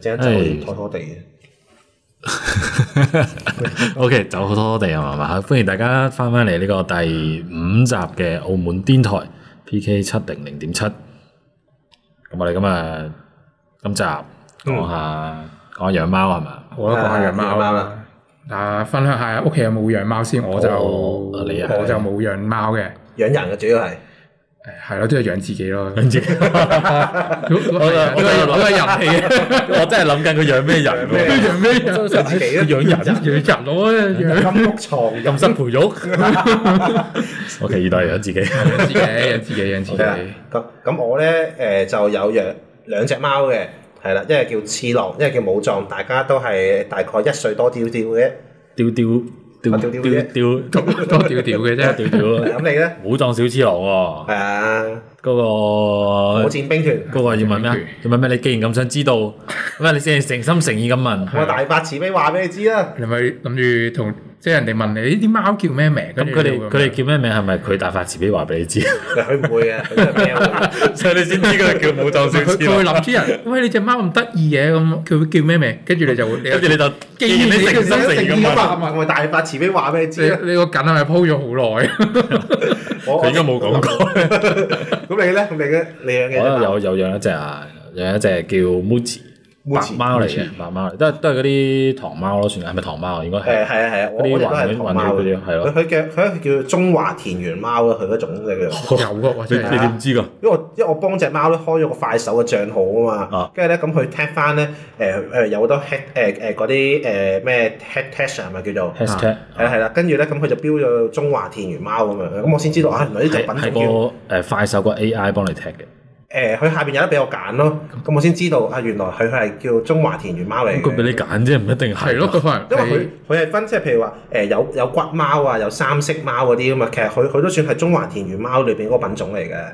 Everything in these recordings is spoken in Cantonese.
一係拖拖地 ，OK，走好拖拖地啊嘛，歡迎大家翻返嚟呢個第五集嘅澳門電台 PK 七零零點七。咁我哋今日，今集講下講下養貓係嘛，我都講下養貓啦。啊吧，說說分享下屋企有冇養貓先，的我就你我就冇養貓嘅，養人嘅主要係。誒，係咯、哎，都係養自己咯，養自己。咁咁，我我諗緊人氣，我真係諗緊佢養咩人，養咩人，養人養人咯，金屋藏，咁辛培育。我期待養自己，養自己，養自己，養自己。咁咁，我咧誒就有養兩隻貓嘅，係啦，一隻叫次郎，一隻叫，叫武藏，大家都係大概一歲多啲啲嘅，丟丟。調調調調，都都調嘅啫，調調。咁 你咧呢？武藏小次郎喎。係啊，嗰、 那個火箭兵團，嗰個要問咩？要問咩？你既然咁想知道，咩？ 你先係誠心誠意咁問。我大發慈悲話俾你知啦。你咪諗住同？即係人哋問你：呢啲貓叫咩名？咁佢哋佢哋叫咩名，係咪佢大發慈悲話俾你知？佢唔 會啊，會 所以你先知佢係叫武藏先。佢佢會諗住人，喂，你隻貓咁得意嘅，咁佢會叫咩名？跟住你就會跟住你就既然你叫 記 心誠咁。咁一咪？萬咪大發慈悲話俾你知。你個梗係咪鋪咗好耐？佢 應該冇講過。咁 你咧？你嘅你養嘅？我有有養一隻啊，養一隻叫木子。白貓嚟，白貓嚟，都係都係嗰啲唐貓咯，算係咪唐貓啊？應該係，誒係啊係啊，我啲都係唐貓啲，係咯。佢佢嘅佢叫中華田園貓啦，佢嗰種嘅樣。有㗎，你你點知㗎？因為因為我幫隻貓咧開咗個快手嘅賬號啊嘛，跟住咧咁佢 tag 翻咧誒誒有好多 h e 嗰啲誒咩 head tag 啊咪叫做，head tag 係啦係啦，跟住咧咁佢就標咗中華田園貓咁樣，咁我先知道啊，原來呢隻品係個快手個 AI 幫你 tag 嘅。誒，佢、呃、下邊有得俾我揀咯，咁、嗯、ant 我先知道啊，原來佢係叫中華田園貓嚟嘅。佢俾你揀啫，唔一定係。係咯，因為佢佢係分，即、就、係、是、譬如話誒有有骨貓啊，有三色貓嗰啲咁啊。其實佢佢都算係中華田園貓裏邊嗰個品種嚟嘅，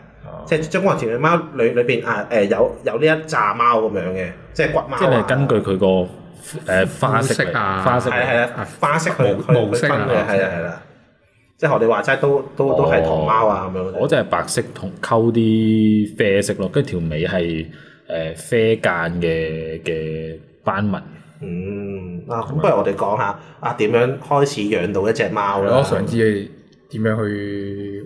即係中華田園貓裏裏邊啊誒有有呢一揸貓咁樣嘅，即係骨貓。即係根據佢個誒花色啊，係係啦，花色佢佢分嘅，係啦係啦。即係我哋話齋，都都都係唐貓啊咁樣。哦、是是我即係白色同溝啲啡色咯，跟住條尾係誒、呃、啡間嘅嘅斑紋。嗯，啊咁不如我哋講下吧啊，點樣開始養到一隻貓啦？我想知你點樣去。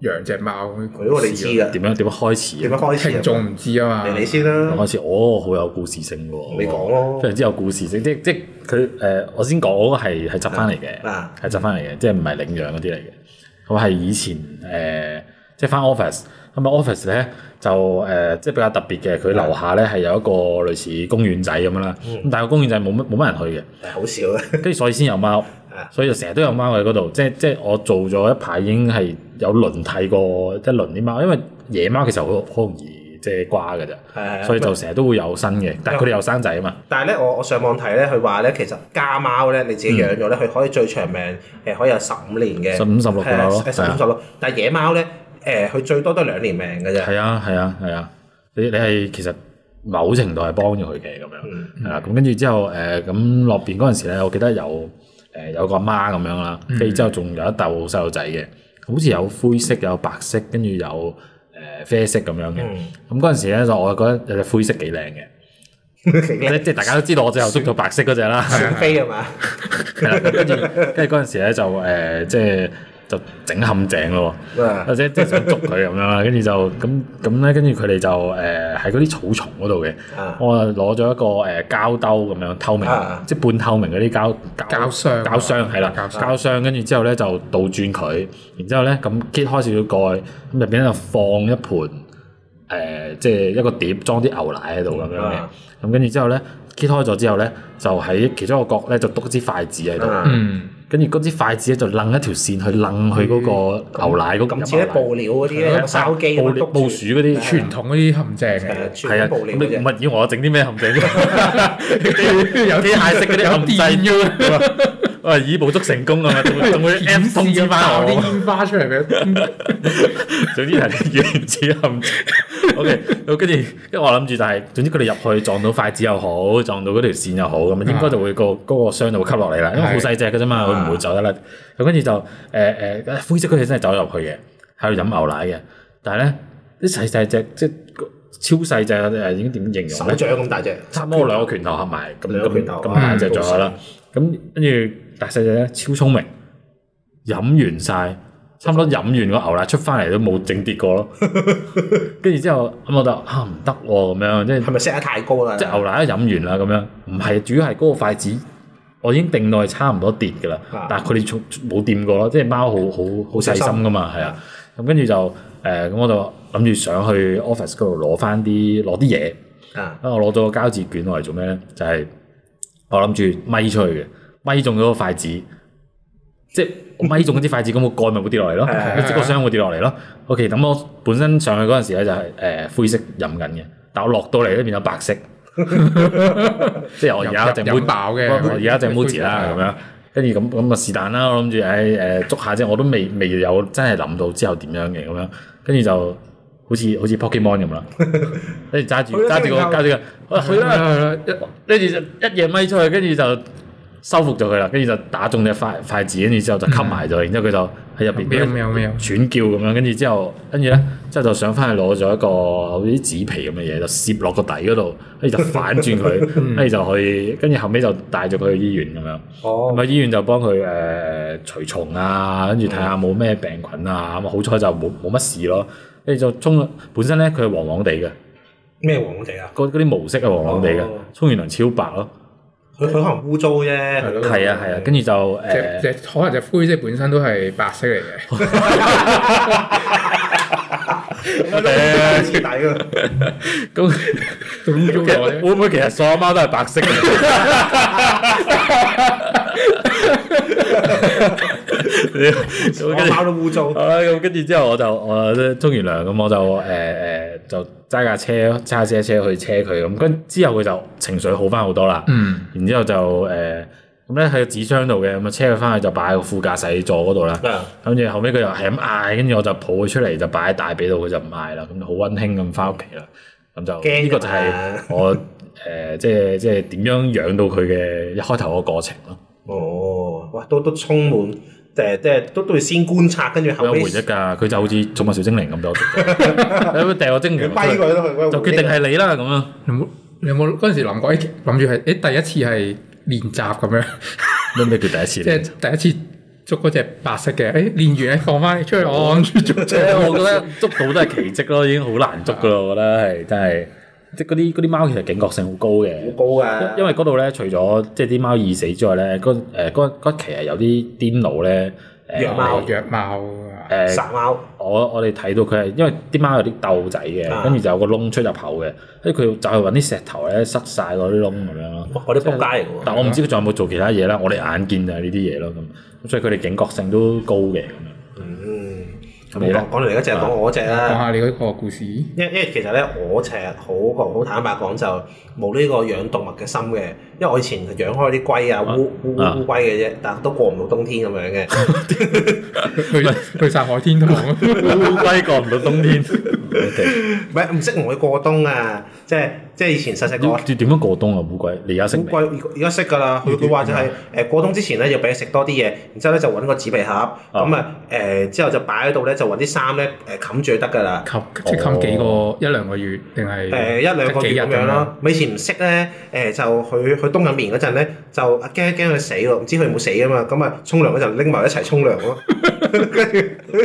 養隻貓，佢我哋知㗎。點樣點樣開始？點樣開始？聽眾唔知啊嘛。你先啦。開始，哦，好有故事性喎！你講咯，非常之有故事性。即即佢誒、呃，我先講嗰個係係執翻嚟嘅，係執翻嚟嘅，即係唔係領養嗰啲嚟嘅。佢係以前誒、呃，即係翻 office，咁啊 office 咧就誒、呃，即係比較特別嘅，佢樓下咧係的有一個類似公園仔咁樣啦。咁、嗯、但係個公園仔冇乜冇乜人去嘅，好少 啊。跟 住所以先有貓。所以就成日都有貓喺嗰度，即係即係我做咗一排已經係有輪替過，即係輪啲貓，因為野貓其實好好容易即係瓜嘅啫，所以就成日都會有新嘅，但係佢哋有生仔啊嘛。嗯、但係咧，我我上網睇咧，佢話咧其實家貓咧，你自己養咗咧，佢可以最長命誒、呃、可以有十五年嘅，十五十六嘅，十五十六。啊、6，但係野貓咧誒，佢、呃、最多都係兩年命嘅啫。係啊係啊係啊，啊！你你係其實某程度係幫住佢嘅咁樣，係啦、嗯。咁、啊、跟住之後誒咁落邊嗰陣時咧，我記得有。誒有個媽咁樣啦，非洲仲有一竇細路仔嘅，嗯、好似有灰色、有白色，跟住有誒啡色咁樣嘅。咁嗰陣時咧，就我覺得有隻灰色幾靚嘅， 即係大家都知道我最後捉到白色嗰隻啦。想飛吖嘛？跟住跟住嗰陣時咧就誒、呃、即係。就整陷阱咯，或者即係想捉佢咁樣啦，跟住就咁咁咧，跟住佢哋就誒喺嗰啲草叢嗰度嘅，啊我啊攞咗一個誒、呃、膠兜咁樣透明，啊、即係半透明嗰啲膠膠，膠箱膠箱係啦，啊、膠箱跟住之後咧就倒轉佢，然之後咧咁揭開少少蓋，咁入邊就放一盤誒、呃，即係一個碟裝啲牛奶喺度咁樣嘅，咁跟住之後咧揭開咗之後咧就喺其中一個角咧就篤支筷子喺度。嗯嗯跟住嗰支筷子咧就楞一條線去楞佢嗰個牛奶嗰個牛布料嗰啲咧，收機咁篤住，布布鼠嗰啲傳統嗰啲陷阱，係啊，唔係要我整啲咩陷阱？有啲機械式嗰啲陷阱。我以捕捉成功啊嘛，仲會 M 通咁爆啲煙花出嚟嘅，總之係原子陷阱。O K，跟住，因為我諗住就係、是，總之佢哋入去撞到筷子又好，撞到嗰條線又好，咁啊應該就會個嗰個箱度吸落嚟啦，啊、因為好細隻嘅啫嘛，佢唔、啊、會走得甩。咁跟住就誒誒、呃呃、灰色嗰隻真係走入去嘅，喺度飲牛奶嘅。但係咧啲細細隻即超細隻啊！誒，已經點形容手掌咁大隻，差唔多兩個拳頭合埋咁咁咁大隻咗啦。咁跟住。大細隻咧超聰明，飲完晒，差唔多飲完個牛奶出翻嚟都冇整跌過咯。跟住之後，咁我就話唔得喎咁樣，即係係咪 set 得太高啦？即係牛奶都飲完啦咁樣，唔係主要係嗰個筷子，我已經定耐差唔多跌㗎啦。啊、但係佢哋從冇掂過咯，即係貓好好好細心噶嘛，係、嗯、啊。咁跟住就誒，咁、呃、我就諗住上去 office 嗰度攞翻啲攞啲嘢。啊，我攞咗個膠紙卷落嚟做咩咧？就係、是、我諗住咪出去嘅。咪中嗰個筷子，即係咪中嗰啲筷子咁個蓋咪會跌落嚟咯，即個箱會跌落嚟咯。OK，咁我本身上去嗰陣時咧就係誒灰色飲緊嘅，但我落到嚟咧變咗白色，即係我而家隻會爆嘅，我而家隻 mooz 啦咁樣，跟住咁咁啊是但啦，我諗住誒誒捉下啫，我都未未有真係諗到之後點樣嘅咁樣，跟住就好似好似 Pokemon 咁啦，跟住揸住揸住個揸住個，去啦，一跟住就一夜咪出去，跟住就。收服咗佢啦，跟住就打中隻筷筷子，跟住之後就吸埋咗，然之後佢就喺入邊喘叫咁樣，跟住之後，跟住咧，即係就想翻去攞咗一個好似紙皮咁嘅嘢，就攝落個底嗰度，跟住就反轉佢，跟住、嗯、就去，跟住後尾就帶住佢去醫院咁樣。哦，咪醫院就幫佢誒除蟲啊，跟住睇下冇咩病菌啊，咁啊好彩就冇冇乜事咯。跟住就沖，本身咧佢黃黃地嘅，咩黃，黃黃地啊？嗰嗰啲毛色啊，黃黃地嘅，沖完涼超白咯。佢可能污糟啫，係咯了。係啊，係啊，跟住就誒，即係可能隻灰色本身都係白色嚟嘅。我哋黐大㗎，咁咁污糟嘅話咧，嗯嗯嗯嗯嗯、會唔會其實所有貓都係白色？ 我到污糟，咁跟住之後我就我沖完涼，咁我就誒誒、呃呃、就揸架車揸架車車去車佢咁，跟之後佢就情緒好翻好多啦。嗯，然之後就誒咁咧喺個紙箱度嘅咁啊，車佢翻去就擺喺個副駕駛座嗰度啦。跟住後尾，佢又係咁嗌，跟住我就抱佢出嚟就擺喺大髀度，佢就唔嗌啦。咁就好溫馨咁翻屋企啦。咁就呢了個就係我誒、呃、即係即係點樣養到佢嘅一開頭個過程咯。哦都都充滿掟，即係都都會先觀察，跟住後面。有回憶㗎，佢就好似寵物小精靈咁多。掟個 精靈就決定係你啦咁啊！你冇你有冇嗰陣時諗過？諗住係誒第一次係練習咁樣。咩咩 叫第一次？即係 第一次捉嗰隻白色嘅誒、欸，練完放翻出去，我諗住捉啫。 我覺得捉到都係奇蹟咯，已經好難捉噶啦， 我覺得係真係。即係嗰啲啲貓其實警覺性好高嘅，因為嗰度咧除咗即係啲貓易死之外咧，嗰誒期係有啲癲佬咧，虐貓、虐貓、殺貓。我我哋睇到佢係因為啲貓有啲竇仔嘅，啊、跟住就有個窿出入口嘅，跟住佢就去揾啲石頭咧塞晒嗰啲窿咁樣咯。啲撲街嚟喎，就係、但我唔知佢仲有冇做其他嘢啦。嗯、我哋眼見就係呢啲嘢咯咁，所以佢哋警覺性都高嘅咁樣。嗯講到講嚟嚟嗰隻，講我嗰隻啊！講、嗯、下你嗰個故事。因因為其實咧，我其實好好，好坦白講，就冇呢個養動物嘅心嘅。因為我以前養開啲龜啊，烏烏烏龜嘅啫，但都過唔到冬天咁樣嘅。去去曬海天堂啊！ 烏，烏龜過唔到冬天，唔係唔識同佢過冬啊，即係。即係以前細細個點點樣過冬啊？烏龜你而家識未？烏龜而家識㗎啦。佢佢話就係誒過冬之前咧，要俾佢食多啲嘢，然之後咧就揾個紙皮盒，咁啊誒、呃、之後就擺喺度咧，就揾啲衫咧誒冚住就得㗎啦。冚即係冚幾個、哦、一兩個月定係誒一兩個月咁樣咯。以前唔識咧誒、呃，就去佢冬緊眠嗰陣咧就驚一驚佢死喎，唔知佢有冇死㗎嘛？咁啊沖涼咧就拎埋一齊沖涼咯。 跟住，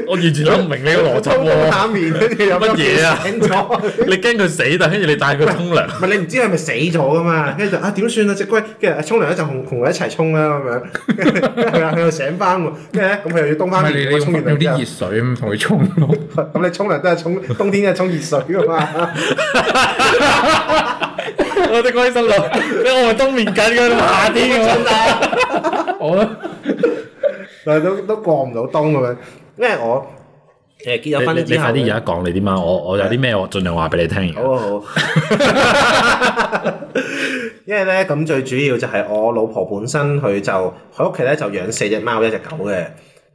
我完全諗唔明你個邏輯喎。 冬打面，跟住有乜嘢 啊？你驚佢死但係跟住你帶佢沖涼。唔係你唔知係咪死咗噶嘛？跟住啊點算啊隻龜？跟住啊沖涼嗰陣同同佢一齊沖啦咁樣。係啊，佢又醒翻喎。跟住咁佢又要冬翻面，我沖完有啲熱水同佢沖。咁後、 啊、你沖涼都係沖冬，冬天梗係沖熱水噶嘛？我心龜生到我係冬眠緊，佢夏天㗎。我。就都都過唔到冬咁樣，因為我誒你結咗婚之後，你快啲而家講你啲貓，我我有啲咩，我盡量話俾你聽。好，好，好， 因為咧咁最主要就係我老婆本身佢就佢屋企咧就養四隻貓一隻狗嘅。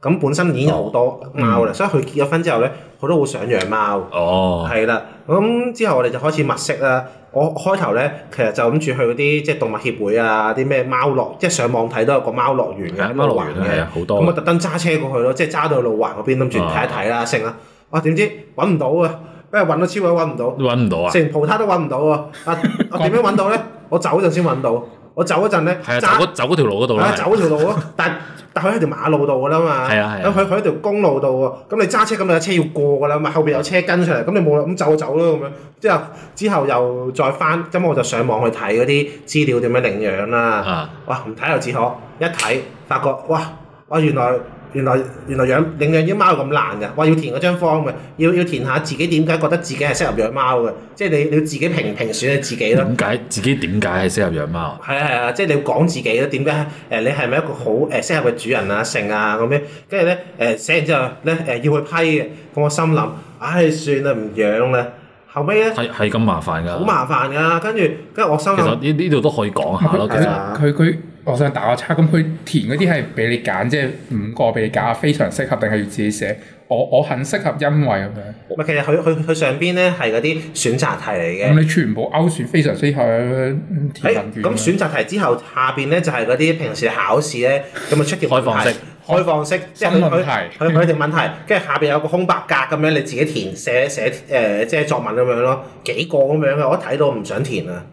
咁本身已經有好多貓啦，哦、所以佢結咗婚之後咧，佢都好想養貓。哦，係啦，咁之後我哋就開始物色啦。我開頭咧，其實就諗住去嗰啲即係動物協會啊，啲咩貓樂，即係上網睇都有個貓樂園嘅，貓樂園嘅。好多。咁我特登揸車過去咯，即係揸到去路環嗰邊諗住睇一睇啦，成啦、哦。哇、啊，點知揾唔到啊？俾人揾到超鬼揾唔到，揾唔到啊！成葡撻都揾唔到喎。啊，我點樣揾到咧？ 我走嗰陣先揾到。我走嗰陣咧，走嗰走嗰條路嗰度啦，的的走嗰條路咯。 但係但佢喺條馬路度㗎啦嘛，佢喺喺條公路度喎。咁的你揸車咁有車要過㗎啦，咪後邊有車跟上嚟，咁你冇咁走就走咯咁樣。之後之後又再翻，咁我就上網去睇嗰啲資料點樣領養啦。哇，唔睇又自可。一睇發覺哇，哇原來。原來原來養領養隻貓咁難嘅，哇！要填嗰張 form 嘅，要要填下自己點解覺得自己係適合養貓嘅，即係你你要自己評評選你自己咯。點解自己點解係適合養貓？係啊係啊，即係你要講自己咯。點解誒你係咪一個好誒適合嘅主人啊性啊咁樣？跟住咧誒寫完之後咧誒要去批嘅。咁我心諗，唉算啦唔養啦。後尾咧係係咁麻煩㗎，好麻煩㗎。跟住跟住我心諗其實呢度都可以講下咯，其實佢佢。我想打個叉。咁佢填嗰啲係俾你揀啫，即係五個俾你揀，非常適合定係要自己寫？我我很適合，因為咁樣其實佢佢佢上邊咧係嗰啲選擇題嚟嘅。咁你全部勾選非常適合、嗯、填入咁、哎、選擇題之後下邊咧就係嗰啲平時考試咧，咁、嗯、啊出條開放式，開放式，開放式即係佢佢佢問一隻問題，跟住的下邊有個空白格咁樣你自己填寫寫誒，即、呃、係作文咁樣咯，幾個咁樣嘅，我睇到唔想填啊。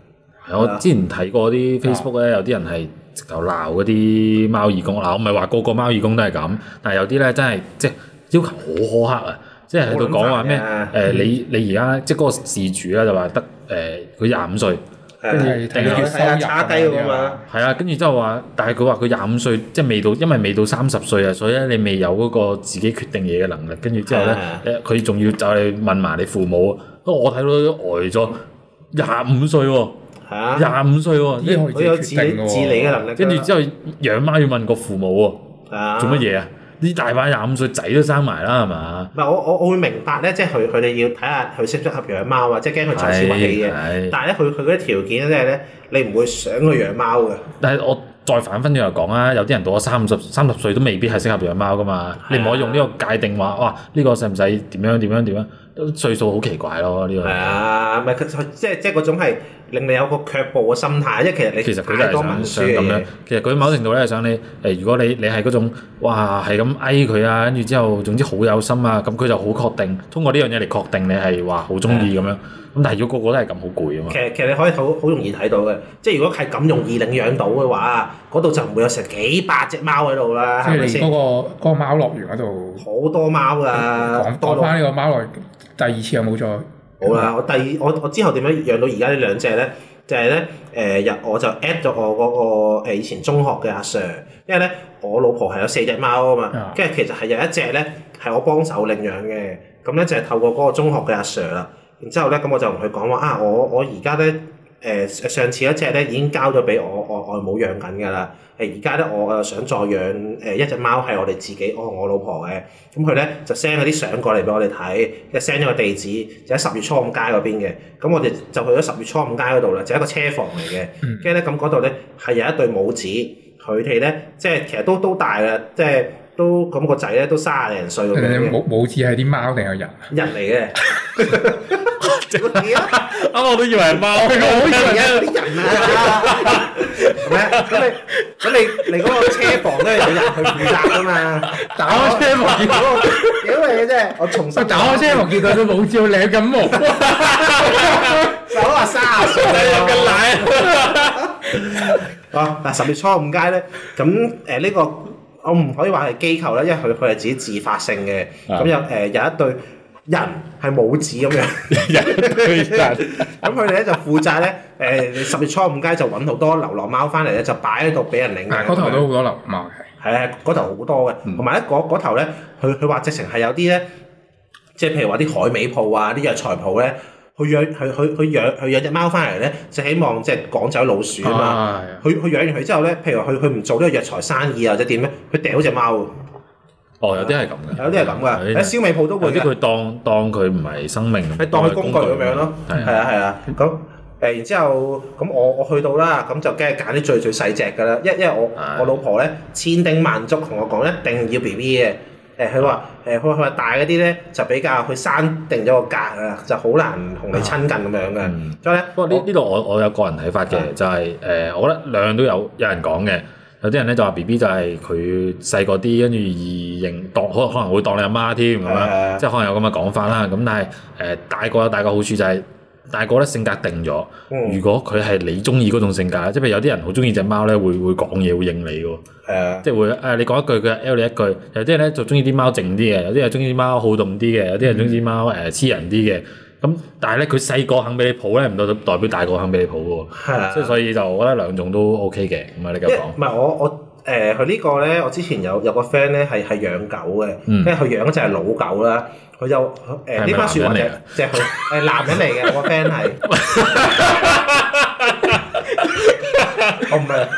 的我之前睇過啲 Facebook 咧，有啲人係。就鬧嗰啲貓義工嗱我唔係話個個貓義工都係咁，但係有啲咧真係即係要求好苛刻啊！即係喺度講話咩？誒你你而家即係嗰個事主啦，就話得誒佢廿五歲，跟住定佢收入係啊，係啊，跟住之後話，但係佢話佢廿五歲即係未到，因為未到三十歲啊，所以咧你未有嗰個自己決定嘢嘅能力，跟住之後咧佢仲要就係問埋你父母，不過我睇到呆咗廿五歲喎。廿五歲喎，呢佢有自己自理嘅能力，跟住之後養貓要問個父母喎，做乜嘢啊？呢大把廿五歲仔都生埋啦，係咪啊？唔係我我我會明白咧，即係佢佢哋要睇下佢適唔適合養貓，或者驚佢就錢唔起嘅。但係咧，佢佢嗰啲條件咧，你唔會想去養貓嘅。但係我再反翻轉嚟講啊，有啲人到咗三五十三十歲都未必係適合養貓㗎嘛。你唔可以用呢個界定話哇，呢個使唔使點樣點樣點樣點樣？歲數好奇怪咯，呢個係啊，唔係佢即係即係嗰種係。令你有個卻步嘅心態，即係其實你其實佢都係想咁樣。其實佢某程度咧係想你，誒、就係哎、如果你你係嗰種，哇係咁哀佢啊，跟住之後總之好有心啊，咁佢就好確定通過呢樣嘢嚟確定你係話好中意咁樣。咁、嗯、但係如果個個都係咁，好攰啊嘛。其實其實你可以好好容易睇到嘅，即係如果係咁容易領養到嘅話，嗰度、嗯、就唔會有成幾百隻貓喺度啦，係咪先？嗰個嗰個貓樂園嗰度好多貓㗎！講多翻呢個貓來第二次有冇在？好啦，我第二我我之後點樣養到而家呢兩隻咧？就係咧誒，日我就 at 咗我嗰個以前中學嘅阿 Sir，因為咧我老婆係有四隻貓啊嘛，跟住其實係有一隻咧係我幫手領養嘅，咁咧就係透過嗰個中學嘅阿 Sir 啦。然之後咧咁我就同佢講話啊，我我而家咧。誒上次一隻咧已經交咗俾我我外母養緊㗎啦。誒而家咧我誒想再養誒一隻貓係我哋自己，我同我老婆嘅。咁佢咧就 send 嗰啲相過嚟俾我哋睇，又 send 咗個地址，就喺、是、十月初五街嗰邊嘅。咁我哋就去咗十月初五街嗰度啦，就是、一個車房嚟嘅。跟住咧咁嗰度咧係有一對母子，佢哋咧即係其實都都大啦，即係都咁個仔咧都卅零歲咁樣。母母子係啲貓定係人？人嚟嘅。 嗰啲啊，啱我都以為係貓，好笑啊！嗰啲人啊，係咪？咁你咁你嚟嗰個車房咧，有人去負責㗎嘛？打開車房見到個屌嚟嘅啫，我重新。打開車房見到佢冇照舐緊毛，手話三啊歲舐緊奶。啊！嗱，十月初五街咧，咁誒呢個我唔可以話係機構啦，因為佢佢係自己自發性嘅，咁有誒有一對。人係冇子咁樣，咁佢哋咧就負責咧，誒十月初五街就揾好多流浪貓翻嚟咧，就擺喺度俾人領啊。嗱，嗰頭都好多流浪貓嘅。係啊，嗰頭好多嘅，同埋咧嗰頭咧，佢佢話直情係有啲咧，即係譬如話啲海味鋪啊、啲藥材鋪咧，佢養佢佢佢養佢養隻貓翻嚟咧，就希望即係趕走老鼠啊嘛。佢佢養完佢之後咧，譬如話佢佢唔做呢個藥材生意或者點咩，佢掟好隻貓。哦，有啲係咁嘅，有啲係咁嘅，喺燒味鋪都會有啲佢當當佢唔係生命，係當佢工具咁樣咯。係啊，係啊，咁誒，然之後咁我我去到啦，咁就梗係揀啲最最細隻㗎啦。因因為我我老婆咧千叮萬囑同我講，一定要 B B 嘅。誒佢話誒佢話大嗰啲咧就比較佢生定咗個格啊，就好難同你親近咁樣嘅。所以咧，不過呢呢度我我有個人睇法嘅，就係誒，我覺得兩樣都有有人講嘅。有啲人咧就話 B B 就係佢細個啲，跟住而認當，可能可能會當你阿媽添咁樣，的即係可能有咁嘅講法啦。咁但係誒、呃、大個有大個好處，就係，就係大個咧性格定咗。如果佢係你中意嗰種性格即係、嗯、有啲人好中意隻貓咧，會會講嘢，會應你嘅。的即係會誒、呃、你講一句，佢 el 你一句。有啲人咧就中意啲貓靜啲嘅，有啲人中意啲貓好動啲嘅，有啲人中意啲貓誒黐、呃、人啲嘅。咁，但係咧，佢細個肯俾你抱咧，唔代表代表大個肯俾你抱喎。係啊，即係所以就我覺得兩種都 OK 嘅，唔係你咁講。一唔係我我誒，佢呢個咧，我之前有有個 friend 咧，係係養狗嘅，跟住佢養隻係老狗啦，佢就誒呢樖樹，或者即係誒男人嚟嘅，我個 friend 係。我唔係。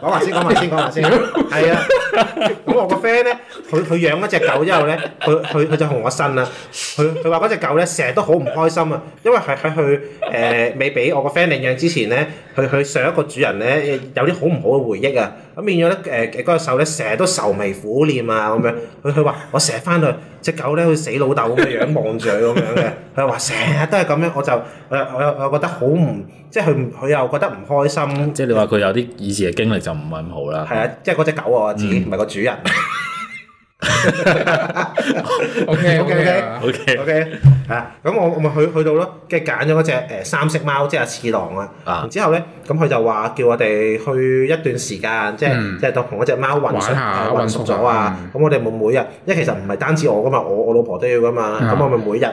講埋先，講埋先，講埋先。係啊。咁我個 friend 咧，佢佢養一隻狗之後咧，佢佢佢就同我呻啦。佢佢話嗰隻狗咧，成日都好唔開心啊，因為喺喺佢誒未俾我個 friend 領養之前咧，佢佢上一個主人咧有啲好唔好嘅回憶啊。咁變咗咧誒誒嗰隻狗咧，成日都愁眉苦臉啊咁樣。佢佢話我成日翻去，隻狗咧，好似死老豆咁嘅樣望住佢咁樣嘅。佢話成日都係咁樣，我就誒誒誒覺得好唔，即係佢佢又覺得唔開心。即係你話佢有啲以前嘅經歷就唔係咁好啦。係啊，即係嗰隻狗我自己唔係個主人 ，OK OK OK OK，嚇 咁我我咪去去到咯，跟住揀咗嗰隻誒三色貓，即係阿次郎啊。然之後咧，咁佢就話叫我哋去一段時間，即係即係到同嗰隻貓混熟，混熟咗啊。咁我哋咪每日，因為其實唔係單止我㗎嘛，我我老婆都要㗎嘛。咁、啊、我咪每日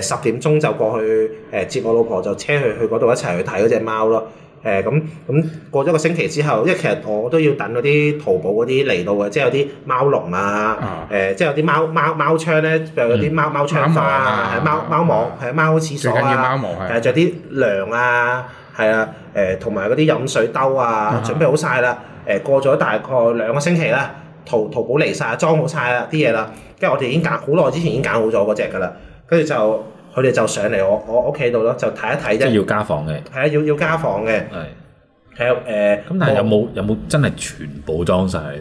誒十點鐘就過去誒接我老婆，就車去去嗰度一齊去睇嗰隻貓咯。誒咁咁過咗個星期之後，因為其實我都要等嗰啲淘寶嗰啲嚟到嘅，即係有啲貓籠啊，誒、啊欸，即係有啲貓貓貓窗咧、啊，譬如啲貓貓窗花啊，貓貓網，係貓廁所啊，誒，仲有啲糧啊，係、欸、啊，誒，同埋嗰啲飲水兜啊，準備好晒啦。誒過咗大概兩個星期啦，淘淘寶嚟晒，裝好晒啦啲嘢啦，跟住我哋已經揀好耐之前已經揀好咗嗰隻㗎啦，跟住就。佢哋就上嚟我我屋企度咯，就睇一睇啫。即係要家訪嘅。係啊，要要家訪嘅。係。係啊，誒。咁但係有冇有冇真係全部裝晒嘅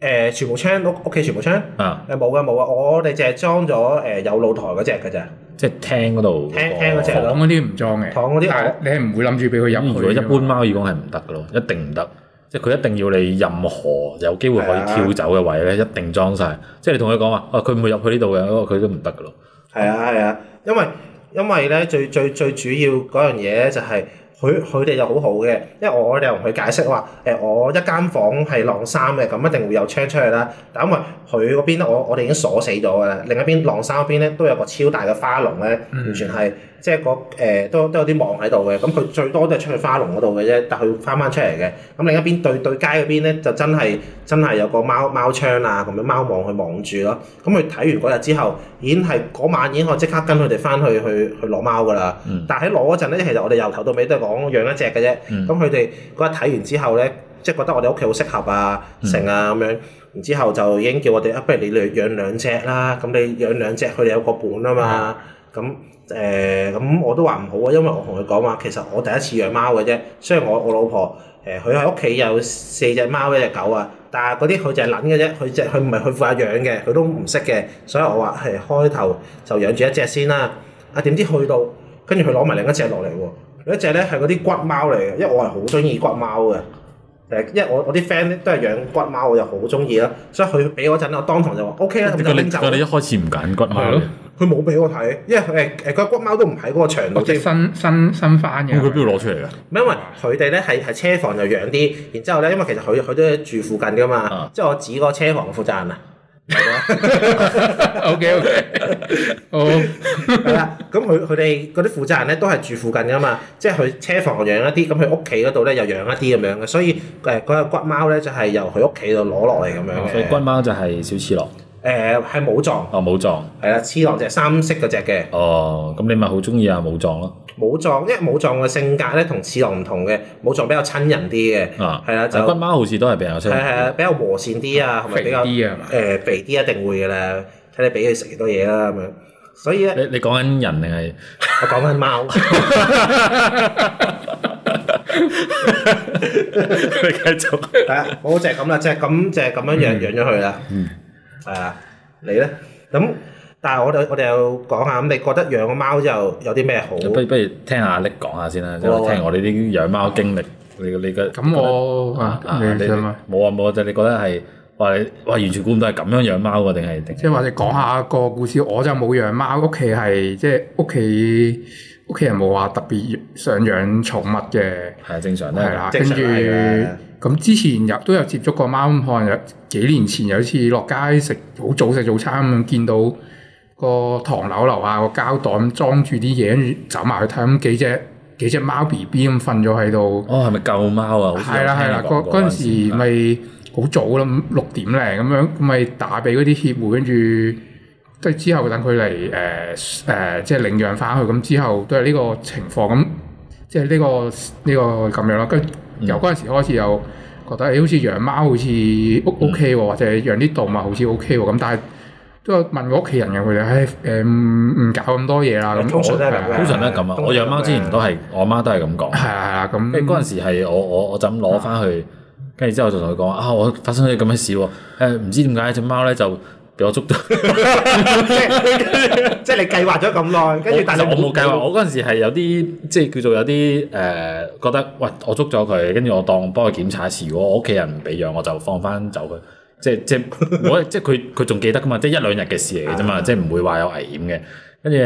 啫？全部窗，屋企全部窗。啊。冇啊，冇啊。我哋淨係裝咗誒有露台嗰隻嘅啫。即係廳嗰度。廳廳嗰隻咯。堂嗰啲唔裝嘅。堂嗰啲你係唔會諗住俾佢入去。如果一般貓義工係唔得嘅咯，一定唔得。即係佢一定要你任何有機會可以跳走嘅位咧，一定裝晒。即係你同佢講話，哦佢唔會入去呢度嘅，哦佢都唔得嘅咯。係啊係啊，因為因為咧最最最主要嗰樣嘢就係佢佢哋就好好嘅，因為我我哋同佢解釋話，誒、呃、我一間房係晾衫嘅，咁一定會有窗出嚟啦。但因為佢嗰邊咧，我我哋已經鎖死咗嘅啦。另一邊晾衫嗰邊咧都有個超大嘅花籠咧，嗯、完全係。即係個、呃、都都有啲網喺度嘅，咁佢最多都係出去花籠嗰度嘅啫，但係佢翻翻出嚟嘅。咁另一邊對對街嗰邊咧，就真係真係有個貓貓窗啊，咁樣貓網去望住咯。咁佢睇完嗰日之後，已經係嗰晚已經我即刻跟佢哋翻去去去攞貓噶啦。嗯、但係喺攞嗰陣咧，其實我哋由頭到尾都係講養一隻嘅啫。咁佢哋嗰日睇完之後咧，即係覺得我哋屋企好適合啊，嗯、成啊咁樣。然之後就已經叫我哋，不如你哋養兩隻啦。咁你養兩隻，佢哋有個伴啊嘛。咁、嗯嗯嗯誒咁、嗯、我都話唔好啊，因為我同佢講話，其實我第一次養貓嘅啫。雖然我我老婆誒佢喺屋企有四隻貓一隻狗啊，但係嗰啲佢淨係撚嘅啫，佢只佢唔係佢負責養嘅，佢都唔識嘅。所以我話係、嗯、開頭就養住一隻先啦。啊點知去到，跟住佢攞埋另一隻落嚟喎，嗰一隻咧係嗰啲骨貓嚟嘅，因為我係好中意骨貓嘅。因為我我啲 friend 咧都係養骨貓，我又好中意啦，所以佢俾我嗰陣，我當堂就話 OK 啦，咁就拎走。咁你一開始唔揀骨貓咯？佢冇俾我睇，因為誒誒，個骨貓都唔喺嗰個場度。隻新新新翻嘅。佢邊度攞出嚟嘅？因為佢哋咧係係車房就養啲，然之後咧，因為其實佢佢都住附近噶嘛，啊、即係我指個車房嘅負責人啊。係咯，O K O K，好係啦。咁佢佢哋嗰啲負責人咧，都係住附近噶嘛。即係佢車房養一啲，咁佢屋企嗰度咧又養一啲咁樣嘅。所以誒嗰隻骨貓咧，就係由佢屋企度攞落嚟咁樣嘅。所以骨貓就係小黐落誒，係、呃、武藏哦，武藏係啦，黐落隻三色嗰隻嘅。哦，咁你咪好中意啊武藏咯。武藏，因為武藏嘅性格咧同次郎唔同嘅，武藏比較親人啲嘅，係啦，就個貓好似都係比較親，係係比較和善啲啊，係咪比較？誒肥啲一定會嘅啦，睇你俾佢食幾多嘢啦咁樣，所以咧，你你講緊人定係？我講緊貓，你繼續，好就係咁啦，就係咁，就係咁樣養養咗佢啦，嗯，係啊，你咧咁。但係我哋我哋又講下，咁你覺得養個貓又有啲咩好？不不如聽下阿力講下先啦，即係聽我哋啲養貓經歷。你你嘅咁我啊，你想啊？冇啊冇啊！就你覺得係話，哇！完全估唔到係咁樣養貓喎，定係即係話你講下個故事。我就冇養貓，屋企係即係屋企屋企人冇話特別想養寵物嘅，係正常都係啦，跟住咁之前又都有接觸過貓，可能幾年前有一次落街食好早食早餐咁，見到，個唐樓樓啊，個膠袋咁裝住啲嘢，跟住走埋去睇，咁幾隻幾隻貓 B B 咁瞓咗喺度。哦，係咪舊貓啊？係啦係啦，嗰嗰時咪好早啦，六點零咁樣，咪打俾嗰啲協會，跟住都係之後等佢嚟誒誒，即係領養翻去。咁之後都係呢個情況，咁即係呢、這個呢、這個咁樣咯。跟由嗰陣時開始又覺得，誒好似養貓好似屋 OK 喎、嗯，或者養啲動物好似 OK 喎，咁但係。都係問我屋企人嘅佢哋，誒唔、哎、搞咁多嘢啦。通常都係咁啊。我通常都係咁啊。我養貓之前都係、嗯，我媽都係咁講。係係啊，咁。誒嗰陣時係我我我就咁攞翻去，跟住之後就同佢講啊，我發生咗啲咁嘅事喎。唔知點解隻貓咧就俾我捉咗。即係你計劃咗咁耐，跟住但係我冇計劃。我嗰陣時係有啲即係叫做有啲誒、呃、覺得，喂我捉咗佢，跟住我當我幫佢檢查一次。如果我屋企人唔俾養，我就放翻走佢。 即係即係、即即我即佢佢仲記得噶嘛？即一兩日嘅事嚟嘅啫嘛，啊、即唔會話有危險嘅。跟住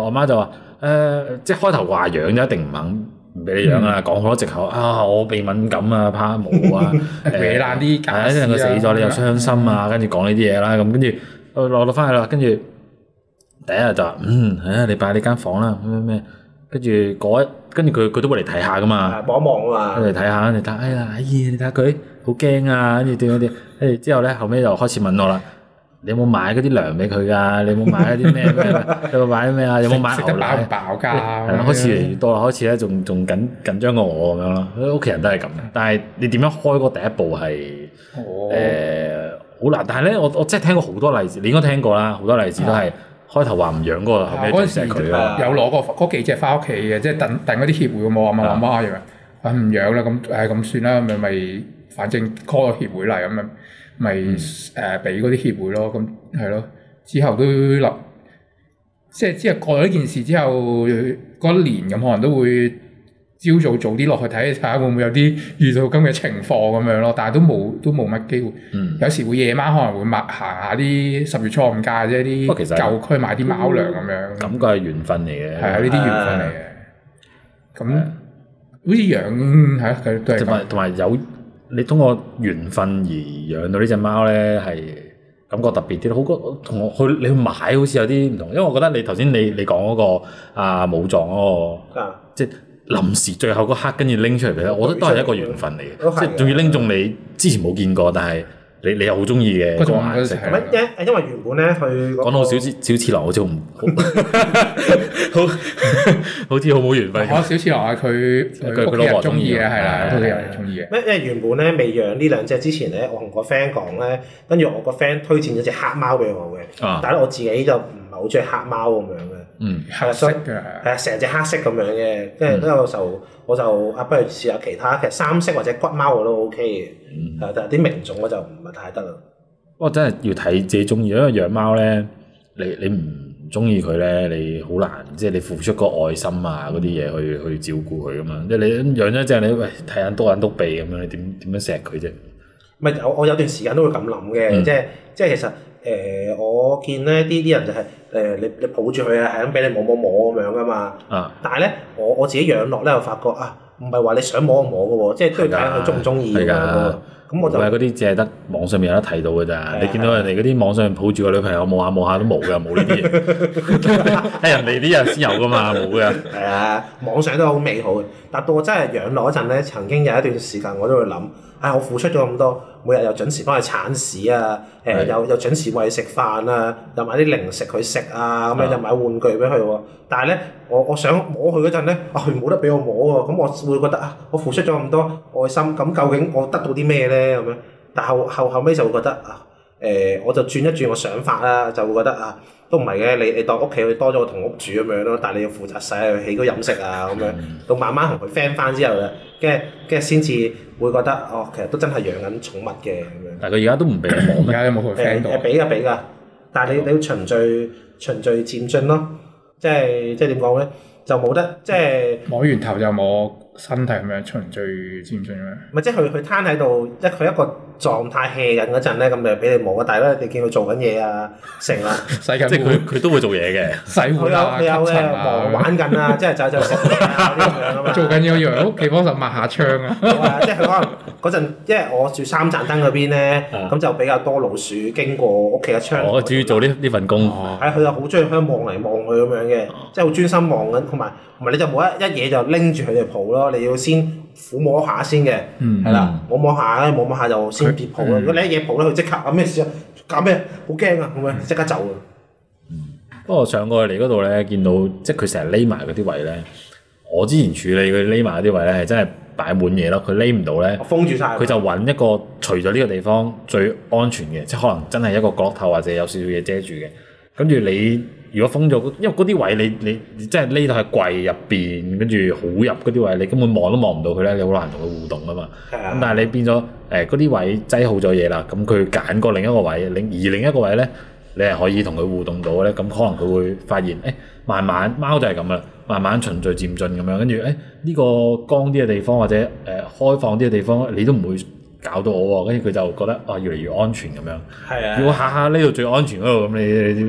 我媽就話誒、呃，即開頭話養就一定唔肯唔俾你養啊，講好、嗯、多藉口啊，我鼻敏感啊，怕毛啊，搲爛啲。係啊、呃，因為佢死咗、嗯、你又傷心啊，跟住講呢啲嘢啦咁，跟住攞到翻嚟啦，跟住第一日就嗯，哎、你擺你間房啦咩咩，跟住嗰一跟住佢佢都會嚟睇下噶嘛。望一望啊嘛。跟住睇下，你睇哎呀哎呀！你睇下佢好驚啊，跟住點點點。誒，之後咧，後尾又開始問我啦，你有冇買嗰啲糧俾佢噶？你有冇買嗰啲咩咩？有冇買咩啊？有冇買？食得飽唔飽噶？係啦、sí like，開始越嚟越多啦，開始咧仲仲緊緊張過我咁樣咯。屋企人都係咁嘅，但係你點樣開個第一步係誒好難？但係咧，我我即係聽過好多例子，你應該聽過啦，好多例子都係開頭話唔養嗰個，後尾就錫佢有攞過嗰幾隻翻屋企嘅，即係等掟嗰啲協會我阿媽阿媽一樣，唔養啦，咁誒咁算啦，咪咪。反正 call 個協會嚟咁樣，咪誒俾嗰啲協會咯。咁係咯，之後都立，即係之後過咗呢件事之後，嗰一年咁可能都會朝早早啲落去睇一睇，會唔會有啲遇到咁嘅情況咁樣咯。但係都冇都冇乜機會。嗯、有時會夜晚可能會買行下啲十月初五假啫啲舊區買啲貓糧咁樣。咁個係緣分嚟嘅，係呀，呢啲緣分嚟嘅。咁、啊啊、好似養，係呀，佢都係同埋有。你通過緣分而養到呢隻貓呢，係感覺特別啲，好過同我你去買，好似有啲唔同。因為我覺得你頭先你你講嗰個啊武藏嗰個，的即係臨時最後嗰刻跟住拎出嚟俾你，我覺得都係一個緣分嚟嘅，的即係仲要拎中你之前冇見過，但係。你你又好中意嘅，不乜嘢？誒，因為原本咧，佢講、嗰個、到小刺小刺蝨，我仲 好， 好，好似好冇緣分。小刺蝨啊，佢佢老婆中意嘅，係啦，佢又中意嘅。因為原本咧未養呢兩隻之前咧，我同個 friend 講咧，跟住我個 friend 推薦咗隻黑貓俾我嘅，啊、但係我自己就唔係好中意黑貓咁樣嘅。嗯，黑色嘅，係成隻黑色咁樣嘅，跟住之後就我就啊，不如試下其他嘅三色或者骨貓我都 OK 嘅，但係啲名種我就唔係太得啦。不過真係要睇自己中意，因為養貓咧，你你唔中意佢咧，你好難即係你付出個愛心啊嗰啲嘢去去照顧佢噶嘛，即係你養咗之後你餵睇眼篤眼篤鼻咁樣，你點點樣錫佢啫？唔係我我有段時間都會咁諗嘅，即係即係其實誒我見咧呢啲人就係。誒，你你抱住佢啊，係咁俾你摸摸摸咁樣噶嘛，但係咧，我我自己養落咧，我發覺啊，唔係話你想摸就摸嘅喎，即係都要睇下佢中唔中意。係㗎，咁我就唔係嗰啲，淨係得網上面有得睇到㗎咋，你見到人哋嗰啲網上抱住個女朋友摸下摸下都冇㗎，冇呢啲嘢，係 人哋啲人先有㗎嘛，冇㗎。係啊，網上都好美好嘅，但到我真係養落嗰陣咧，曾經有一段時間我都會諗。哎、我付出咗咁多，每日又準時幫佢鏟屎啊，誒又又準時餵佢食飯啊，又買啲零食佢食啊，咁樣的又買玩具俾佢喎。但係咧，我我想摸佢嗰陣咧，佢冇得畀我摸喎、啊，咁我會覺得啊，我付出咗咁多愛心，咁究竟我得到啲咩咧？咁、啊、樣，但後後後尾就會覺得啊。誒、呃，我就轉一轉個想法啦，就會覺得啊，都唔係嘅，你你當屋企多咗個同屋主咁樣咯，但係你要負責曬去起居飲食啊，咁 樣，到慢慢同佢 friend 翻之後啦，跟住跟住先至會覺得，哦，其實都真係養緊寵物嘅咁樣。但係佢而家都唔俾我講，而家有冇 friend 到？誒俾啊俾啊，但係你你要循序循序漸進咯，即係即係點講咧？就冇得即係。摸完頭就冇。身體係咪出人最尖酸嘅？唔係，即係佢佢攤喺度，即係佢一個狀態 hea 緊嗰陣咧，咁就俾你摸啊！但係咧，你見佢做緊嘢啊，成啊，即係佢佢都會做嘢嘅，洗碗啊、抹塵啊、玩緊啊，即係走就咁樣，做緊一樣屋企幫手抹下窗啊，即係佢可能嗰陣，因為我住三盞燈嗰邊咧，咁就比較多老鼠經過屋企嘅窗。我主要做呢呢份工，係佢又好中意香望嚟望去咁樣嘅，即係好專心望緊，同埋。唔係你就冇一,一一嘢就拎住佢哋抱咯，你要先撫摸下先嘅，係啦、嗯，嗎摸摸下，摸摸下就先跌抱。如果你一嘢抱咧，佢即刻咁咩事啊？搞咩？好驚啊！咁樣即刻走啊！嗯，嗯不過上過去你嗰度咧，見到即係佢成日匿埋嗰啲位咧，我之前處理佢匿埋嗰啲位咧，係真係擺滿嘢咯。佢匿唔到咧，封住晒。佢就揾一個除咗呢個地方最安全嘅，即係可能真係一個角頭或者有少少嘢遮住嘅。跟住你。如果封咗，因為嗰啲位你你，你即係匿到喺櫃入邊，跟住好入嗰啲位，你根本望都望唔到佢咧，你好難同佢互動啊嘛。咁但係你變咗誒嗰啲位擠好咗嘢啦，咁佢揀過另一個位，另而另一個位咧，你係可以同佢互動到咧，咁、嗯、可能佢會發現誒、欸，慢慢貓就係咁啦，慢慢循序漸進咁樣，跟住誒呢個光啲嘅地方或者誒、呃、開放啲嘅地方，你都唔會。搞到我喎，跟住佢就覺得啊、哦，越嚟越安全咁樣。係啊！如果下下呢度最安全嗰度，咁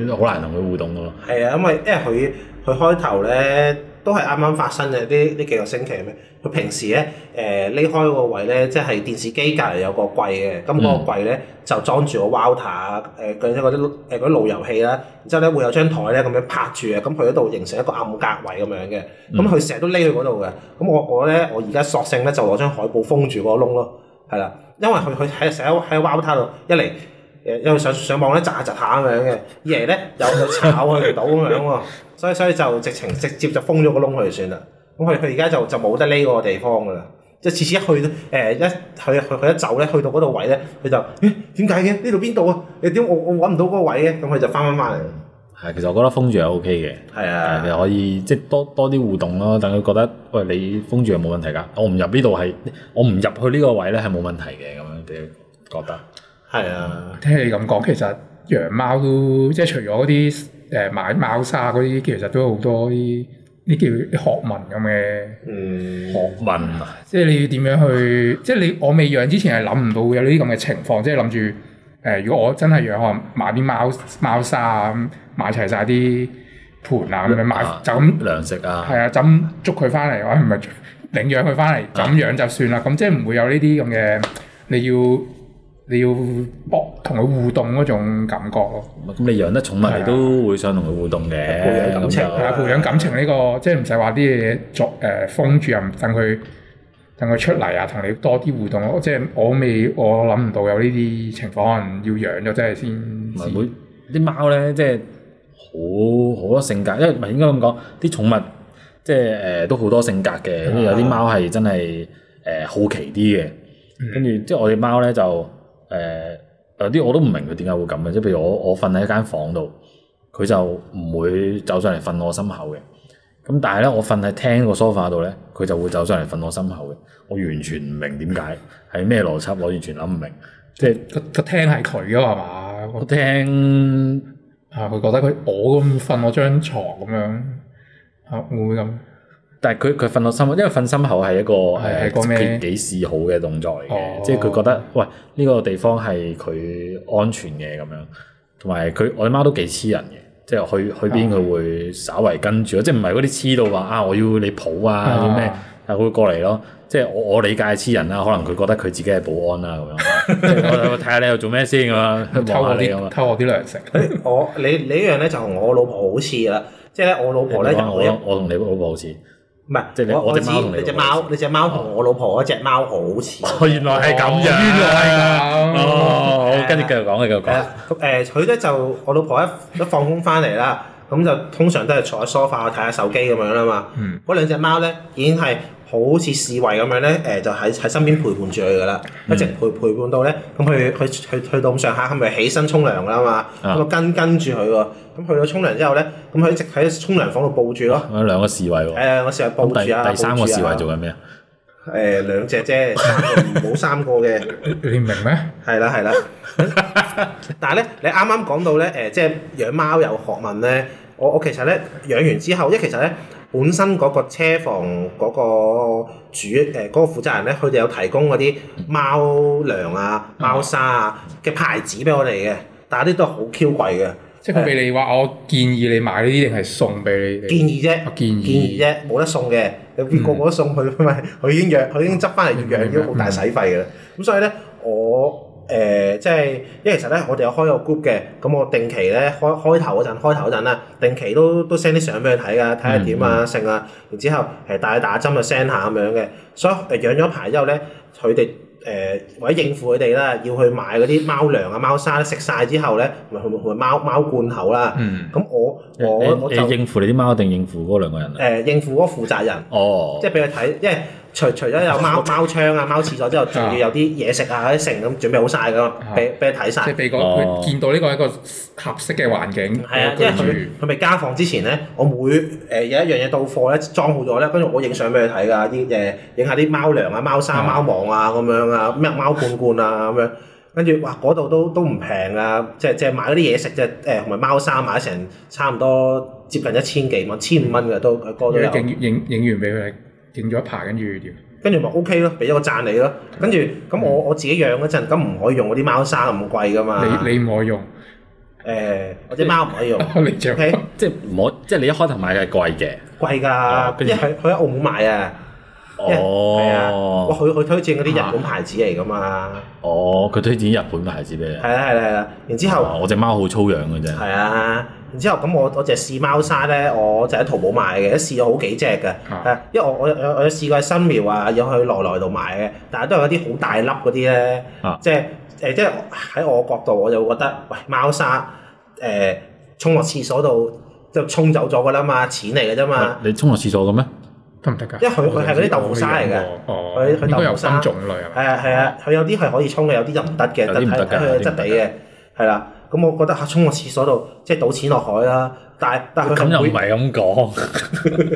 你好難同佢互動咯。係啊，因為因為佢佢開頭咧都係啱啱發生嘅，呢呢幾個星期咩？佢平時咧誒匿開個位咧，即係電視機隔籬有個櫃嘅，咁嗰個櫃咧、嗯、就裝住個 router 啊，誒佢啲嗰啲路由器啦，然之後咧會有張台咧咁樣拍住啊，咁佢喺度形成一個暗格位咁樣嘅，咁佢成日都匿喺嗰度嘅。咁我我咧我而家索性咧就攞張海報封住嗰個窿咯。係啦，因為佢佢喺成日喺個瓦屋塔度一嚟誒，又上上網咧，窒下窒下咁樣嘅；二嚟咧又炒佢哋到咁樣喎， 所以所以就直情直接就封咗個窿佢就算啦。咁佢佢而家就就冇得呢個地方㗎啦，即係次次一去誒、呃、一,一去去一走咧，去到嗰度位咧，佢就點解嘅？呢度邊度啊？你點我我揾唔到嗰個位嘅？咁佢就翻翻翻嚟。係，其實我覺得封住係 O K 嘅，係啊，你可以即係多多啲互動咯。等佢覺得，喂，你封住係冇問題㗎。我唔入呢度係，我唔入去呢個位咧係冇問題嘅。咁樣嘅覺得，係啊、嗯。聽你咁講，其實養貓都即係除咗啲誒買貓砂嗰啲，其實都有好多啲啲叫啲學問咁嘅。嗯，學問啊，即係你要點樣去？即係你我未養之前係諗唔到有呢啲咁嘅情況。即係諗住誒，如果我真係養，可能買啲貓貓砂啊。買齊晒啲盤啊，咁樣買就咁糧食啊，係啊，就咁捉佢翻嚟，我哋咪領養佢翻嚟，咁、啊、養就算啦。咁即係唔會有呢啲咁嘅你要你要搏同佢互動嗰種感覺咯。咁、啊、你養得寵物、啊、都會想同佢互動嘅，培養感情係啊，培養感情呢、這個即係唔使話啲嘢作誒封住，又等佢等佢出嚟啊，同你多啲互動咯。即係我未我諗唔到有呢啲情況，可能要養咗即係先。唔係每啲貓咧，即係。好好、哦、多性格，因為唔係應該咁講，啲寵物即係誒、呃、都好多性格嘅。跟住、啊、有啲貓係真係誒、呃、好奇啲嘅，跟住、嗯、即係我隻貓咧就誒、呃、有啲我都唔明佢點解會咁嘅。即係譬如我我瞓喺一間房度，佢就唔會走上嚟瞓我心口嘅。咁但係咧我瞓喺廳個 sofa 度咧，佢就會走上嚟瞓我心口嘅。我完全唔明點解係咩邏輯，我完全諗唔明。即係個個廳係佢嘅係嘛，我廳。啊！佢覺得佢我咁瞓我張床咁樣，嚇會咁。但係佢佢瞓到心口，因為瞓心口係一個誒幾幾示好嘅動作嚟嘅，哦、即係佢覺得喂，呢、呢個地方係佢安全嘅咁樣，同埋佢我啲貓都幾黐人嘅，即係去去邊佢會稍微跟住，啊、即係唔係嗰啲黐到話啊我要你抱啊啲咩，啊會過嚟咯。即係我我理解黐人啦，可能佢覺得佢自己係保安啦咁樣。我睇下你又做咩先咁樣？偷我啲，偷我啲糧食。我你你呢樣咧就同我老婆好似啦。即係咧，我老婆咧就我我同你老婆好似。唔係，即係你我隻貓你隻貓，你隻貓同我老婆嗰隻貓好似。哦，原來係咁樣。哦，跟住繼續講，繼續講。係佢咧就我老婆一一放工翻嚟啦，咁就通常都係坐喺梳化睇下手機咁樣啦嘛。嗯。嗰兩隻貓咧已經係。好似侍衛咁樣咧，誒、呃、就喺喺身邊陪伴住佢噶啦，一、嗯、直陪陪伴到咧，咁佢佢佢去到咁上下，佢咪起身沖涼噶啦嘛，咁、啊、跟跟住佢喎，咁去到沖涼之後咧，咁佢一直喺沖涼房度抱住咯。我兩個侍衛喎。我試下抱住啊。第三個侍衛做緊咩啊？誒、呃，兩隻啫，冇三個嘅。你明咩？係啦，係啦。但係咧，你啱啱講到咧，誒，即係養貓有學問咧。我我其實咧養完之後，因為其實咧。本身嗰個車房嗰個主誒嗰、呃嗰個負責人咧，佢哋有提供嗰啲貓糧啊、嗯、貓砂啊嘅牌子俾我哋嘅，但係啲都好 Q 貴嘅。即係佢俾你話，嗯、我建議你買呢啲，定係送俾你？建議啫，建議，建議啫，冇得送嘅。你個個都送佢，佢咪佢已經養，佢已經執翻嚟養，已經好大使費㗎啦。咁、嗯、所以咧，我。誒、呃，即係，因為其實咧，我哋有開個 group 嘅，咁我定期咧開開頭嗰陣，開頭嗰陣啦，定期都都 send 啲相俾佢睇噶，睇下點啊，剩啊、嗯，嗯、然後之後誒帶佢打針啊，send 下咁樣嘅。所以誒養咗排之後咧，佢哋誒為咗應付佢哋啦，要去買嗰啲貓糧啊、貓砂食晒之後咧，咪咪咪貓貓罐頭啦。嗯。咁我我你我就應付你啲貓定應付嗰兩個人啊？誒、呃，應付嗰個負責人。哦。即係俾佢睇，因為。除除咗有貓 貓窗啊、貓廁所之後，仲要有啲嘢食啊、啲剩咁準備好晒噶，俾俾佢睇晒，即係俾講佢見到呢個係一個合適嘅環境，係啊，因為佢佢未家訪之前咧，我每誒、呃、有一樣嘢到貨咧裝好咗咧，跟住我影相俾佢睇㗎，啲誒影下啲貓糧啊、貓砂、貓網啊咁樣啊，咩貓罐罐啊咁樣，跟住哇嗰度都都唔平啊！即係即係買嗰啲嘢食啫，誒同埋貓砂買成差唔多接近一千幾蚊，千五蚊嘅都都有，影影完俾佢。跌咗一排，跟住點？跟住咪 OK 咯，俾咗個讚你咯。對跟住咁我、嗯、我自己養嗰陣，咁唔可以用嗰啲貓砂咁貴㗎嘛？你你唔可以用？誒，我隻貓唔可以用。欸、 o Okay ? K，即係唔可，即係你一開頭買嘅係貴嘅。貴㗎的，啊、因為佢佢喺澳門買啊。哦，係啊，佢佢推薦嗰啲日本牌子嚟噶嘛？哦，佢推薦日本牌子俾你。係啦係啦係啦，然之後我，我隻貓好粗養嘅啫。係啊，然之後咁我我只試貓砂咧，我就喺淘寶買嘅，一試咗好幾隻嘅。Yeah. 因為我我我有試過喺新苗啊，有去來來度買嘅，但係都係啲好大粒嗰啲咧。即係誒，即係喺我角度我就會覺得，喂，貓砂誒，沖落廁所度就沖走咗㗎啦嘛，錢嚟嘅啫嘛。你沖落廁所咁咩？得唔得噶？因為佢佢係嗰啲豆腐沙嚟嘅，佢佢豆腐渣。應該有分種類啊。係啊係啊，佢有啲係可以沖嘅，有啲就唔得嘅，睇睇佢嘅質地嘅，係啦。咁我覺得嚇沖個廁所度即係倒錢落海啦。但係但係佢咁又唔係咁講。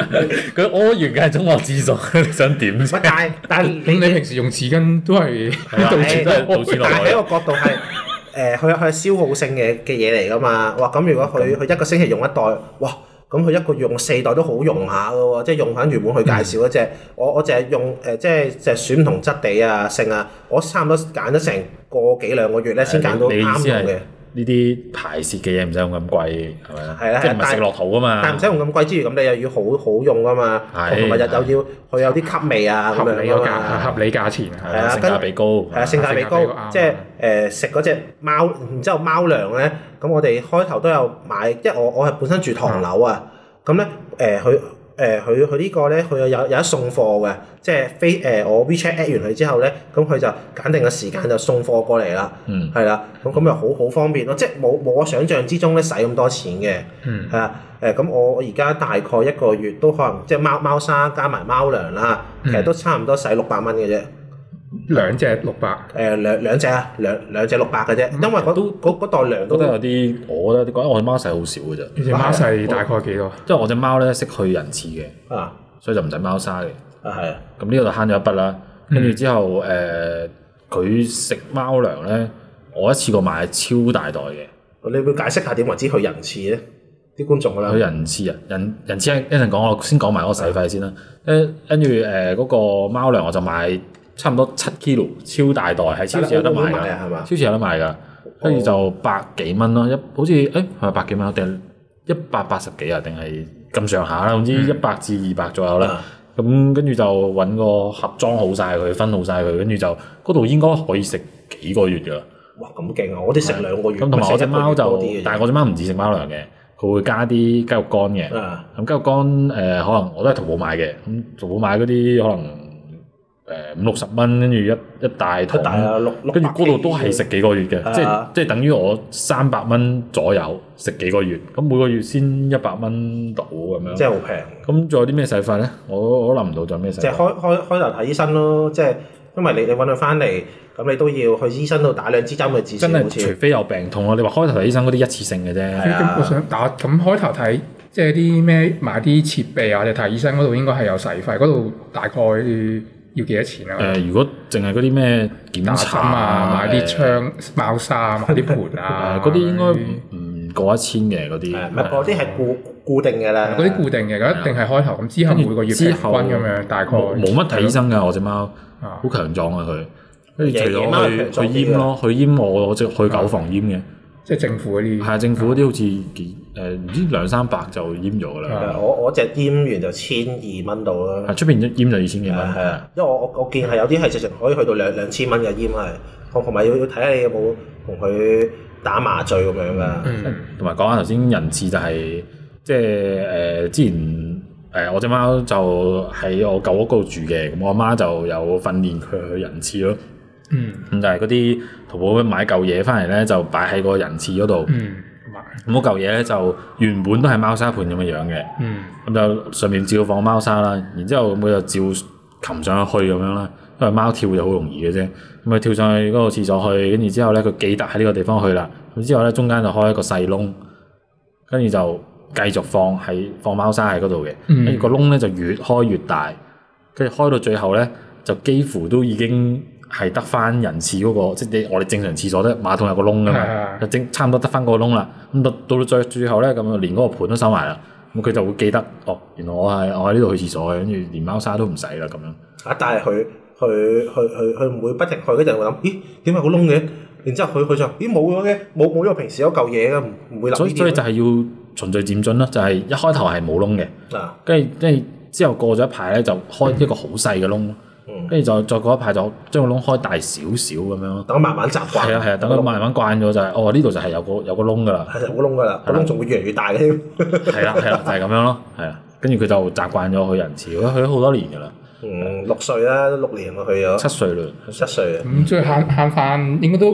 佢屙完梗係沖個廁所，你想點先？唔係，但係但係你你平時用紙巾都係倒錢都係倒錢落海。但係呢個角度係誒，佢佢係消耗性嘅嘅嘢嚟㗎嘛。哇！咁如果佢佢一個星期用一袋，哇！咁佢一個用四袋都好用下㗎喎，即係用翻原本佢介紹一隻、嗯，我我就係用誒、呃，即係就係選唔同質地啊、性啊，我差唔多揀咗成個幾兩個月咧，先揀到啱用嘅。呢啲排泄嘅嘢唔使用咁貴，係咪啊？係啊，即係唔係食落肚啊嘛。但係唔使用咁貴之餘，咁你又要好好用啊嘛。同埋是就又要佢有啲吸味啊咁樣啊，合理價，合理價錢，係啊，性價比高。係啊，性價比高。即係是誒、嗯呃、食嗰隻貓，然之後貓糧咧，咁我哋開頭都有買，因為我我係本身住唐樓啊，咁咧誒佢。嗯呃呃誒佢佢呢個咧，佢有有有得送貨嘅，即係飛誒我 WeChat at 完佢之後咧，咁佢就揀定個時間就送貨過嚟啦，係啦、嗯，咁咁又好好方便咯，即係冇冇我想象之中咧，使咁多錢嘅，係啊、嗯，誒咁、呃、我而家大概一個月都可能即係貓貓砂加埋貓糧啦，其實都差唔多使六百蚊嘅啫。兩隻六百，誒兩兩隻啊，兩兩隻六百嘅啫，因為嗰都袋糧都覺有啲，我覺得講我隻貓細少、啊啊、好少嘅啫。隻貓細大概幾多？因為我隻貓咧識去人次廁嘅，啊，所以就唔使貓砂嘅。啊係，咁呢、啊、個就慳咗一筆啦。跟住之後誒，佢食、嗯呃、貓糧咧，我一次過買超大袋嘅。你會解釋下點為之去人廁咧？啲觀眾啦。去人廁啊！人人廁一陣講，我先講埋嗰個洗費先啦。跟跟住誒嗰個貓糧我就買。差唔多七 kilo 超大袋，喺超市有得賣㗎，超市有得賣㗎，跟住、哦、就百幾蚊咯，一好似誒係百幾蚊？定一百八十幾啊？定係咁上下啦，總之一百至二百左右啦。咁、嗯嗯、跟住就搵個盒裝好晒佢，分好晒佢，跟住就嗰度應該可以食幾個月㗎啦。哇！咁勁啊！我啲食兩個月是，咁同埋我隻貓就，但係我隻貓唔止食貓糧嘅，佢會加啲雞肉乾嘅。咁、嗯嗯、雞肉乾誒、呃、可能我都係淘寶買嘅，咁淘寶買嗰啲可能。誒五六十蚊，跟住一一大桶，跟住嗰度都係食幾個月嘅、啊，即係即係等於我三百蚊左右食幾個月，咁每個月先一百蚊到咁樣。即係好平。咁仲有啲咩洗費咧？我我諗唔到仲有咩洗費。即係開開開頭睇醫生咯，即係因為你你搵佢返嚟，咁你都要去醫生度打兩支針去次數。真係像除非有病痛咯，你話開頭睇醫生嗰啲一次性嘅啫。係啊，打咁開頭睇，即係啲咩買啲設備啊？你睇醫生嗰度應該係有洗費，嗰度大概。要幾多錢啊？誒，如果淨係嗰啲咩檢查啊，買啲窗貓砂，啊、買啲盤是是 啊，嗰啲、啊、 應該唔過一千嘅嗰啲。嗰啲係固固定嘅啦。嗰啲是、啊、固定嘅，一定係開頭咁，之後每個月結款咁樣。大概冇乜睇醫生㗎，我隻貓好是、啊、強壯啊佢。跟住除咗去去閹咯，咯，去閹我隻，我去狗房閹嘅。即係政府嗰啲，係啊，嗯，嗯、政府嗰啲好似幾，誒唔知兩三百就閹咗㗎啦。我我隻閹完就千二蚊度啦。係出邊閹就二千幾蚊。係啊，因為我我我見係有啲係直情可以去到兩兩千蚊嘅閹係，同埋要要睇下你有冇同佢打麻醉咁樣㗎。同埋講下頭先人次，就係，就係即係誒之前誒，呃、我隻貓就喺我舊屋度住嘅，咁，嗯、我阿媽就有訓練佢去人次咯。嗯，咁就係嗰啲淘寶買嚿嘢翻嚟咧，就擺喺個人廁嗰度。嗯，咁嗰嚿嘢咧就原本都係貓砂盤咁嘅樣嘅。嗯，咁就上面照放貓砂啦，然之後咁佢就照擒上去咁樣啦，因為貓跳就好容易嘅啫。咁啊跳上去嗰個廁所去，跟住之後咧佢記得喺呢個地方去啦。咁之後咧中間就開一個細窿，跟住就繼續放喺放貓砂喺嗰度嘅。嗯，跟住個窿咧就越開越大，跟住開到最後咧就幾乎都已經。係得翻人次嗰、那個，即係你我哋正常廁所咧，馬桶有個窿噶嘛，就是、啊、差唔多得翻個窿啦。咁到到到最最後咧，咁啊連嗰個盤都收埋啦。咁佢就會記得，哦，原來我係我喺呢度去廁所嘅，跟住連貓砂都唔使啦咁樣。啊！但係佢佢佢佢佢唔會不停去，佢就會諗，咦？點解個窿嘅？ 然之後佢佢就咦冇咗嘅，冇冇咗平時嗰嚿嘢嘅，唔唔會留。所以所以就係要循序漸進啦，就係、是、一開頭係冇窿嘅，跟住跟住之後過咗一排咧，就開一個好細嘅窿。嗯 跟住再再過一排就將個窿開大少少咁樣，等佢慢慢習慣。係啊係啊，等佢慢慢慣咗就係，哦呢度就係有個有個窿噶啦，係有個窿噶啦，個窿仲會越嚟越大添。係啦係啦，就係咁樣咯，係啊。跟住佢就習慣咗去人潮，去咗好多年噶啦。嗯，六歲啦，六年啦，去咗。七歲啦，七歲。咁最慳慳翻，應該都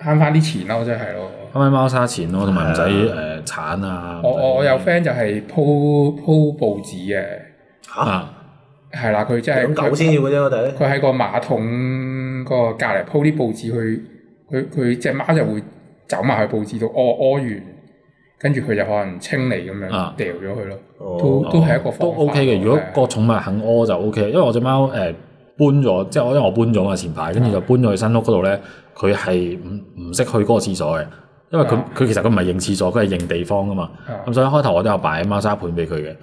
慳翻啲錢咯，即係咯。慳翻貓砂錢咯，同埋唔使誒鏟啊。我我有 friend 就係鋪鋪報紙嘅。嚇！係啦，佢即係養狗先要嘅啫，我覺得。佢喺個馬桶個隔離鋪啲報紙，去佢，佢隻貓就會走埋去報紙度屙屙完，跟住佢就可能清理咁樣，掉咗佢咯。哦、都都係一個方法都 OK 嘅。如果個寵物肯屙就 OK。因為我隻貓誒搬咗，即係因為我搬咗嘛前排，跟住就搬咗去新屋嗰度咧。佢係唔唔識去嗰個廁所嘅，因為佢佢、啊、其實佢唔係認廁所，佢係認地方㗎嘛。咁所以一開頭我都有擺貓砂盤俾佢嘅。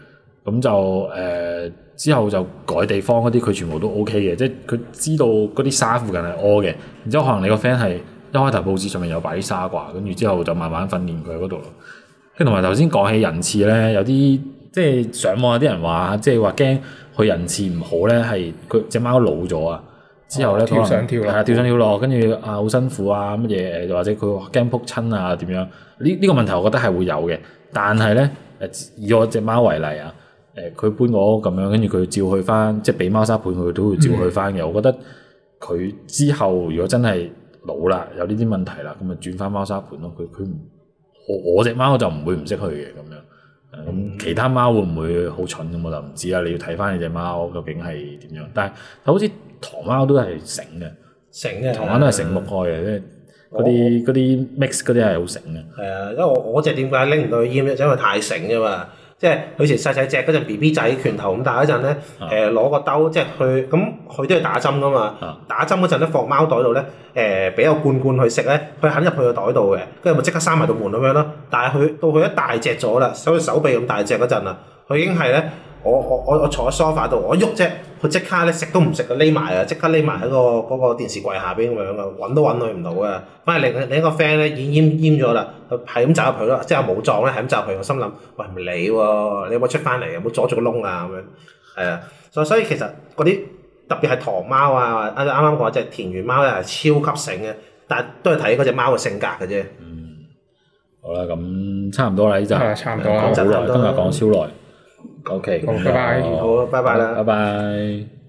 咁就誒、呃、之後就改地方嗰啲，佢全部都 O K 嘅，即係佢知道嗰啲沙附近係屙嘅。然之後可能你個 friend 係一開頭報紙上面有擺啲沙啩，跟住之後就慢慢訓練佢嗰度咯。跟住同埋頭先講起人次咧，有啲即係上網有啲人話，即係話驚佢人次唔好咧，係佢隻貓老咗啊，之後咧可能係啊跳上跳落，跟住啊好辛苦啊乜嘢，或者佢驚撲親啊點樣？呢、這、呢個問題我覺得係會有嘅，但係咧誒以我隻貓為例啊。誒，佢、呃、搬我咁樣，跟住佢照去翻，即係俾貓砂盤佢，都會照去翻嘅。嗯、我覺得佢之後如果真係老啦，有呢啲問題啦，咁咪轉翻貓砂盤咯。佢佢唔，我我隻貓就唔會唔識去嘅咁樣。咁、嗯、其他貓會唔會好蠢咁我就唔知啦。你要睇翻你隻貓究竟係點樣。但係好似唐貓都係醒嘅，醒嘅、啊，唐貓都係醒目開嘅，即係嗰啲啲 mix 嗰啲係好醒嘅。係啊，因為我我隻點解拎唔到煙嘅，因為，因為太醒之嘛。即係佢以前細細隻嗰陣 B B 仔，拳頭咁大嗰陣咧，誒、呃、攞個兜即係去，咁佢都要打針噶嘛，打針嗰陣都放貓袋度咧，誒、呃、俾個罐罐佢食咧，佢肯入去個袋度嘅，跟住咪即刻閂埋道門咁樣咯。但係佢到佢一大隻咗啦，好似手臂咁大隻嗰陣啊，佢已經係咧。我我我坐喺 sofa 度，我喐啫，佢即刻咧食都唔食啊，匿埋啊，即刻匿埋喺個嗰個電視櫃下邊咁樣啊，揾都揾佢唔到啊。反而另另一個 friend 咧，已經閹閹閹咗啦，佢係咁走入去咯，即係冇撞咧，係咁走入去。我心諗，喂唔理喎、啊，你有冇出翻嚟？有冇阻住個窿啊？咁樣係啊。所所以其實嗰啲特別係唐貓啊，啱啱講嗰隻田園貓咧係超級醒嘅，但係都係睇嗰隻貓嘅性格嘅啫。嗯，好啦，咁差唔多啦，呢集差唔多，差多好，今日講超耐。O K，好，拜拜，好，拜拜啦，拜拜。